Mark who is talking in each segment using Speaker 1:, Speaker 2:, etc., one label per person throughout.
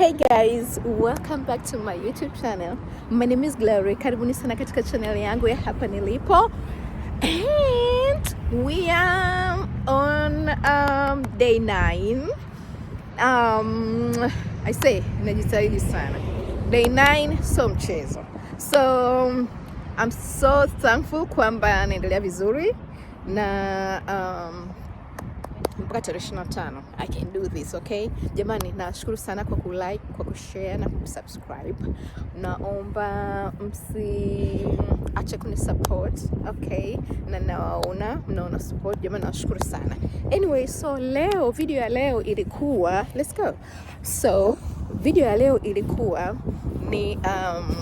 Speaker 1: Hey guys, welcome back to my YouTube channel. My name is Glory. Karibuni sana katika channel yangu ya hapa nilipo. And we are on um, day 9. Um, I say, najitahidi sana. Day 9 so mchezo. So I'm so thankful kwamba naendelea vizuri na um, mpaka tarehe 25. I can do this, okay? Jamani, nashukuru sana kwa kulike, kwa kushare na kusubscribe. Naomba msiache kuni support, okay? Na nawaona mnaona support, jamani, nashukuru sana. Anyway, so leo video ya leo ilikuwa let's go. So video ya leo ilikuwa ni um,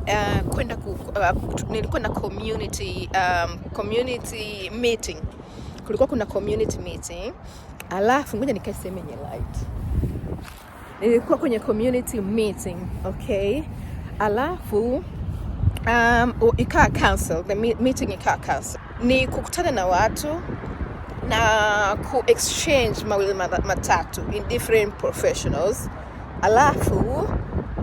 Speaker 1: Uh, kwenda ku, uh, na community um, community meeting kulikuwa kuna community meeting, alafu ngoja nikaiseme nye light. Nilikuwa kwenye community meeting, okay, alafu um, ikaa council, the meeting ikaa council ni kukutana na watu na ku exchange mawili matatu in different professionals, alafu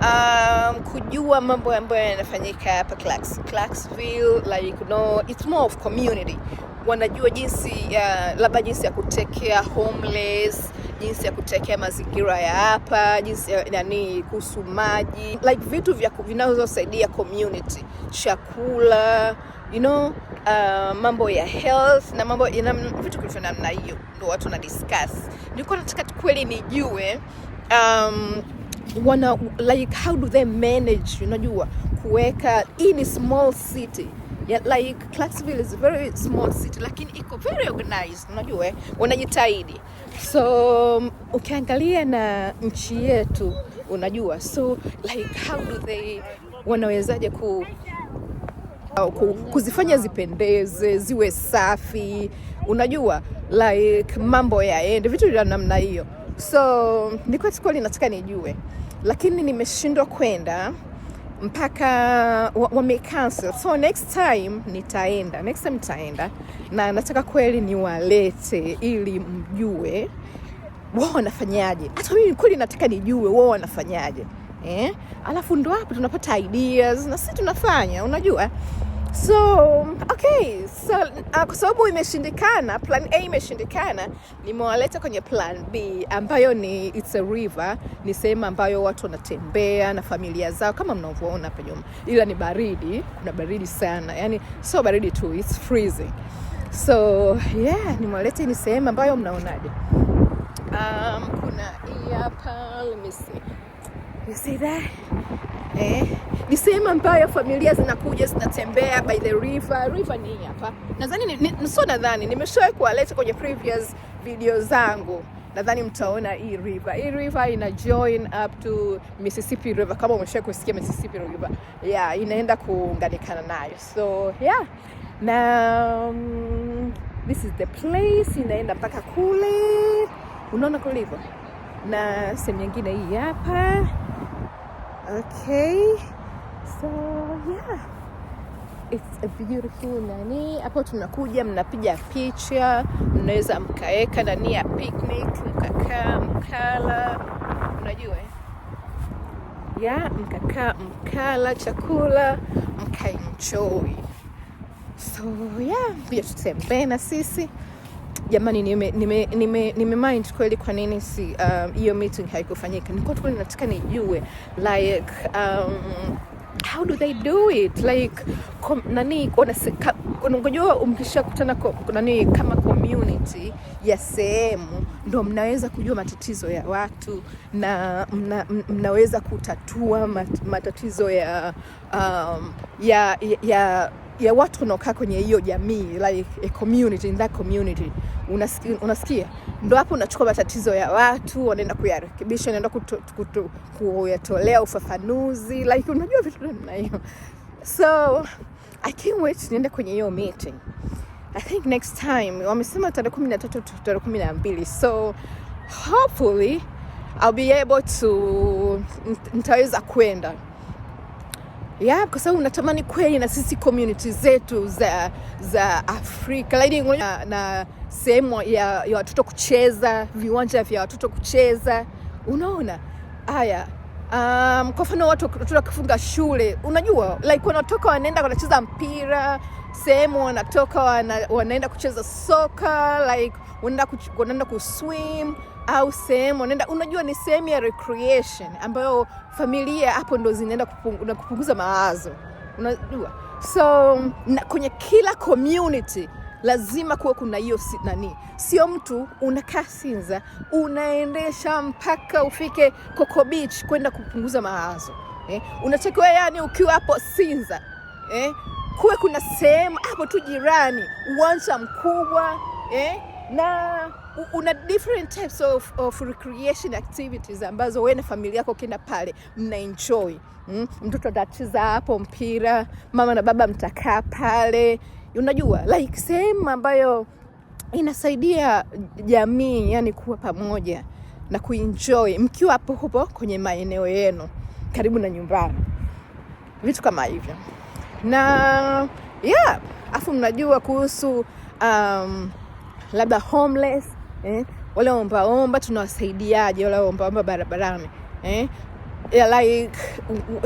Speaker 1: um, kujua mambo ambayo yanafanyika hapa Clarks, Clarksville, like you know, it's more of community wanajua jinsi uh, labda jinsi ya kutekea homeless jinsi ya kutekea mazingira ya hapa, jinsi ya nani kuhusu maji, like vitu vya vinavyosaidia community, chakula you know, uh, mambo ya health na mambo ina, vitu vilivyo namna hiyo, ndio watu na discuss. Nilikuwa nataka kweli nijue um, wana like how do they manage, unajua kuweka hii ni small city yeah, like Clarksville is a very small city lakini iko very organized, unajua wanajitahidi. So um, ukiangalia na nchi yetu unajua, so like how do they wanawezaje ku kuzifanya zipendeze ziwe safi, unajua like mambo yaende vitu vya namna hiyo. So nilikuwa kweli nataka nijue, lakini nimeshindwa kwenda mpaka wamecancel so next time nitaenda, next time nitaenda, na nataka kweli niwalete ili mjue wao wanafanyaje. Hata mimi kweli nataka nijue wao wanafanyaje eh? Alafu ndo hapo tunapata ideas na sisi tunafanya, unajua So okay, so uh, kwa sababu imeshindikana, plan A imeshindikana, nimewaleta kwenye plan B ambayo ni it's a river, ni sehemu ambayo watu wanatembea na familia zao kama mnavyoona hapa nyuma, ila ni baridi, kuna baridi sana, yani sio baridi tu, it's freezing. So yeah, nimewaleta ni sehemu ambayo mnaonaje? Um, kuna hii hapa, let me see, you see that eh ni sehemu ambayo familia zinakuja zinatembea by the river. River ni hapa nadhani ni, ni, sio nadhani nimeshawahi kuwaleta kwenye previous video zangu nadhani mtaona hii river. Hii river ina join up to Mississippi River, kama umeshawahi kusikia Mississippi River. Yeah, inaenda kuunganikana nayo, so yeah na um, this is the place inaenda mpaka kule, unaona kulivyo, na sehemu nyingine hii hapa okay so yeah it's a beautiful nani. Hapo tunakuja mnapiga picha, mnaweza mkaweka nani ya picnic, mkakaa mkala, unajua ya yeah, mkakaa mkala chakula mkaenjoy. So yeah, pia tutembee na sisi jamani. Nime, nime, nime, nime mind kweli kwa nini si uh, hiyo um, meeting haikufanyika. Nilikuwa tu nataka nijue like um, how do they do it like kom, nani unajua mkishakutana nani kama community ya sehemu ndo mnaweza kujua matatizo ya watu na mna, mnaweza kutatua mat, matatizo ya, um, ya, ya, ya ya watu unaokaa kwenye hiyo jamii like a community, in that community unasikia, unasikia? Ndo hapo unachukua matatizo ya watu, wanaenda kuyarekebisha, unaenda kuyatolea ufafanuzi like, unajua vitu namna hiyo. So I can't wait niende kwenye hiyo meeting. I think next time wamesema tarehe kumi na tatu tarehe kumi na mbili so hopefully I'll be able to, nitaweza kwenda yeah, kwa sababu natamani kweli na sisi community zetu za, za Afrika lakini na, na sehemu ya, ya watoto kucheza, viwanja vya watoto kucheza, unaona haya Um, kwa mfano watu wakifunga shule, unajua like wanatoka wanaenda wanacheza mpira sehemu, wanatoka wana, wanaenda kucheza soka like wanaenda kuswim au sehemu unaenda, unajua ni sehemu ya recreation ambayo familia hapo ndo zinaenda kupung, na kupunguza mawazo unajua. So na kwenye kila community lazima kuwe kuna hiyo nani, sio mtu unakaa Sinza unaendesha mpaka ufike Coco Beach kwenda kupunguza mawazo eh? Unatakiwa yani ukiwa hapo Sinza eh? kuwe kuna sehemu hapo tu jirani, uwanja mkubwa eh? na una different types of, of recreation activities ambazo wewe na familia yako kenda pale mna enjoy mm? Mtoto atacheza hapo mpira, mama na baba mtakaa pale, unajua like sehemu ambayo inasaidia jamii, yani kuwa pamoja na kuenjoy mkiwa hapo hapo kwenye maeneo yenu karibu na nyumbani, vitu kama hivyo na yeah, afu mnajua kuhusu um, labda homeless eh? wale ombaomba tunawasaidiaje? wale ombaomba barabarani eh? like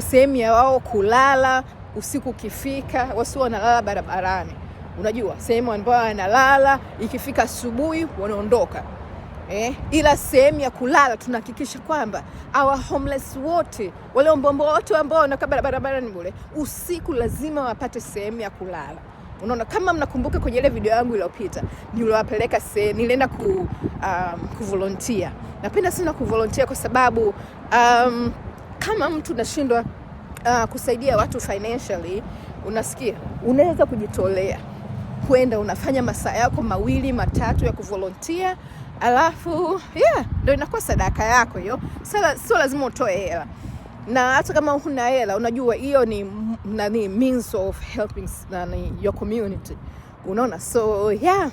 Speaker 1: sehemu ya wao kulala usiku ukifika, wasi wanalala barabarani, unajua sehemu ambayo wanalala, ikifika asubuhi wanaondoka eh? Ila sehemu ya kulala tunahakikisha kwamba our homeless wote wale ombaomba wote ambao wanakaa barabarani bure usiku lazima wapate sehemu ya kulala. Unaona, kama mnakumbuka kwenye ile video yangu iliyopita niliwapeleka se, nilienda ku, um, kuvolontia. Napenda sana kuvolontia kwa sababu um, kama mtu unashindwa uh, kusaidia watu financially, unasikia unaweza kujitolea kwenda unafanya masaa yako mawili matatu ya kuvolontia, alafu yeah, ndio inakuwa sadaka yako hiyo. Sio lazima utoe hela, na hata kama huna hela, unajua hiyo ni nani means of helping nani your community, unaona. So yeah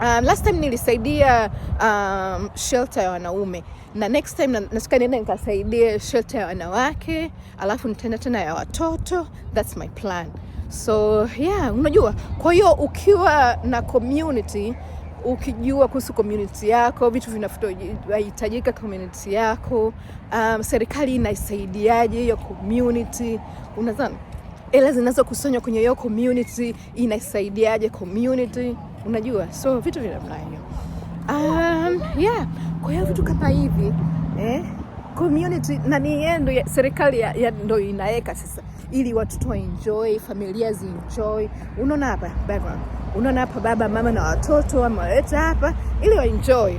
Speaker 1: Um, last time nilisaidia um, shelter ya wanaume na next time nataka nienda nikasaidie shelter ya wanawake, alafu nitaenda tena ya watoto. That's my plan. So yeah, unajua, kwa hiyo ukiwa na community ukijua kuhusu community yako, vitu vinavyohitajika community yako, um, serikali inaisaidiaje hiyo community, unadhani hela zinazokusanywa kwenye hiyo community inaisaidiaje community, unajua so vitu vya namna hiyo. Um, yeah, kwa hiyo vitu kama hivi eh? community na yendo ya serikali ya, ya ndo inaweka sasa, ili watoto enjoy, familia zi enjoy. Unaona hapa background, unaona hapa baba mama na watoto wameleta hapa ili wa enjoy,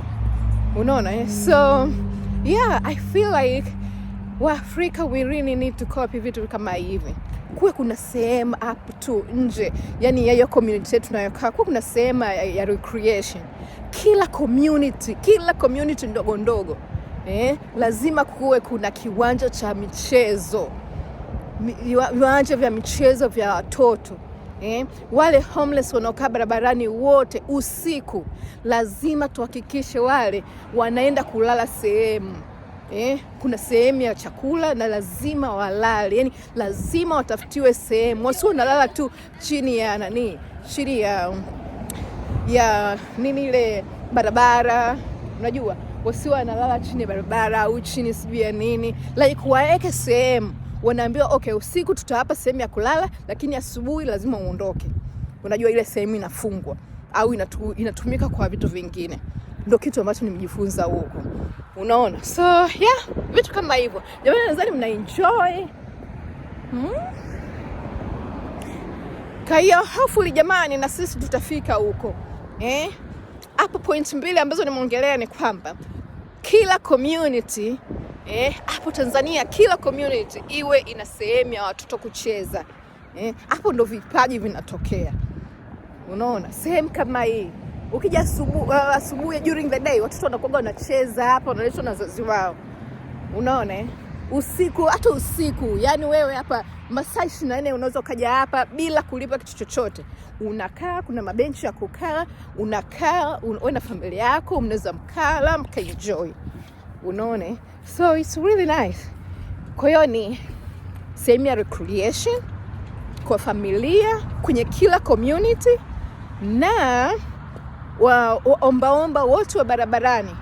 Speaker 1: unaona eh? So yeah, I feel like Waafrika we really need to copy vitu kama hivi kuwe kuna sehemu up to nje, yani yayo community yetu tunayokaa, kuwe kuna sehemu ya, ya recreation. Kila community, kila community ndogo ndogo eh, lazima kuwe kuna kiwanja cha michezo, viwanja vya michezo vya watoto eh. Wale homeless wanaokaa barabarani wote usiku, lazima tuhakikishe wale wanaenda kulala sehemu Eh, kuna sehemu ya chakula na lazima walale, yani lazima watafutiwe sehemu, wasio nalala tu chini ya nani, chini ya ya nini ile barabara, unajua wasiwe analala chini barabara au chini sijui ya nini, like waweke sehemu, wanaambiwa okay, usiku tutawapa sehemu ya kulala, lakini asubuhi lazima uondoke. Unajua ile sehemu inafungwa au inatu, inatumika kwa vitu vingine. Ndio kitu ambacho nimejifunza huko, unaona. So yeah, vitu kama hivyo jamani, nadhani mna enjoy hmm? Kwa hiyo hopefully jamani, na sisi tutafika huko eh? Hapo point mbili ambazo nimeongelea ni kwamba kila community eh, hapo eh, Tanzania kila community iwe ina sehemu ya watoto kucheza eh, hapo eh, ndo vipaji vinatokea. Unaona sehemu kama hii ukija uh, asubuhi, uh, during the day watoto wanakuwa wanacheza hapo, wanaletwa na wazazi wao, unaona eh? usiku, hata usiku. Yani wewe hapa masaa nne unaweza ukaja hapa bila kulipa kitu chochote. Unakaa, kuna mabenchi ya kukaa, unakaa wewe na familia yako, mnaweza mkala mkaenjoy, unaone, so it's really nice. Kwa hiyo ni sehemu ya recreation kwa familia kwenye kila community na waombaomba wote wa barabarani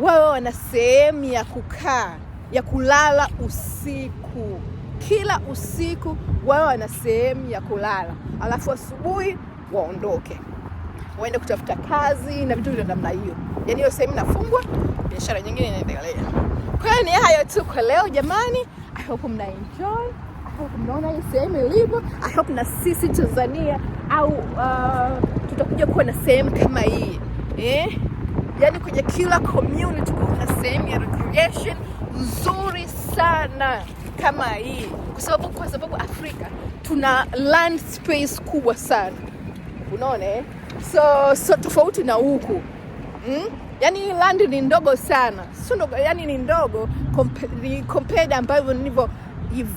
Speaker 1: wawe wana sehemu ya kukaa ya kulala usiku. Kila usiku wao wana sehemu ya kulala, alafu asubuhi waondoke waende kutafuta kazi na vitu vya namna hiyo. Yaani hiyo sehemu inafungwa, biashara nyingine inaendelea. Kwa hiyo ni hayo tu kwa leo jamani, I hope mna enjoy. I hope mnaona hii sehemu ilivyo. I hope na sisi Tanzania au uh, tutakuja kuwa na sehemu kama hii eh? Yaani kwenye kila community kuna sehemu ya recreation nzuri sana kama hii, kwa sababu kwa sababu Afrika tuna land space kubwa sana, unaona eh? So, so tofauti na huku mm? Yani land ni ndogo sana, sio ndogo, yani ni ndogo compared ambavyo nilivyo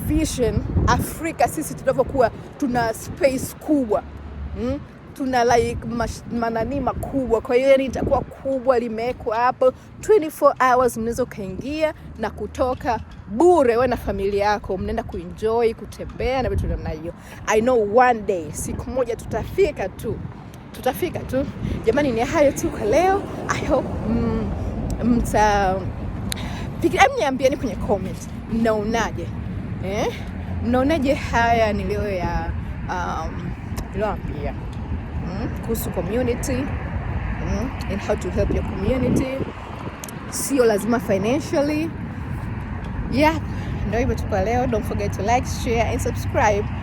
Speaker 1: vision Afrika sisi tunavyokuwa tuna space kubwa mm? tuna like mash, manani makubwa, kwa hiyo yani itakuwa kubwa, limewekwa hapo 24 hours, mnaweza ukaingia na kutoka bure, wewe na familia yako mnaenda kuenjoy, kutembea na vitu namna hiyo. I know one day, siku moja tutafika tu, tutafika tu. Jamani, ni hayo tu kwa leo. I hope mm, mta mniambieni kwenye comment mnaonaje, eh? Mnaonaje haya niliyo ya um, niliyoambia kuhusu community mm, and how to help your community, sio lazima financially. Yeah, ndio hivyo tu kwa leo. Don't forget to like, share and subscribe.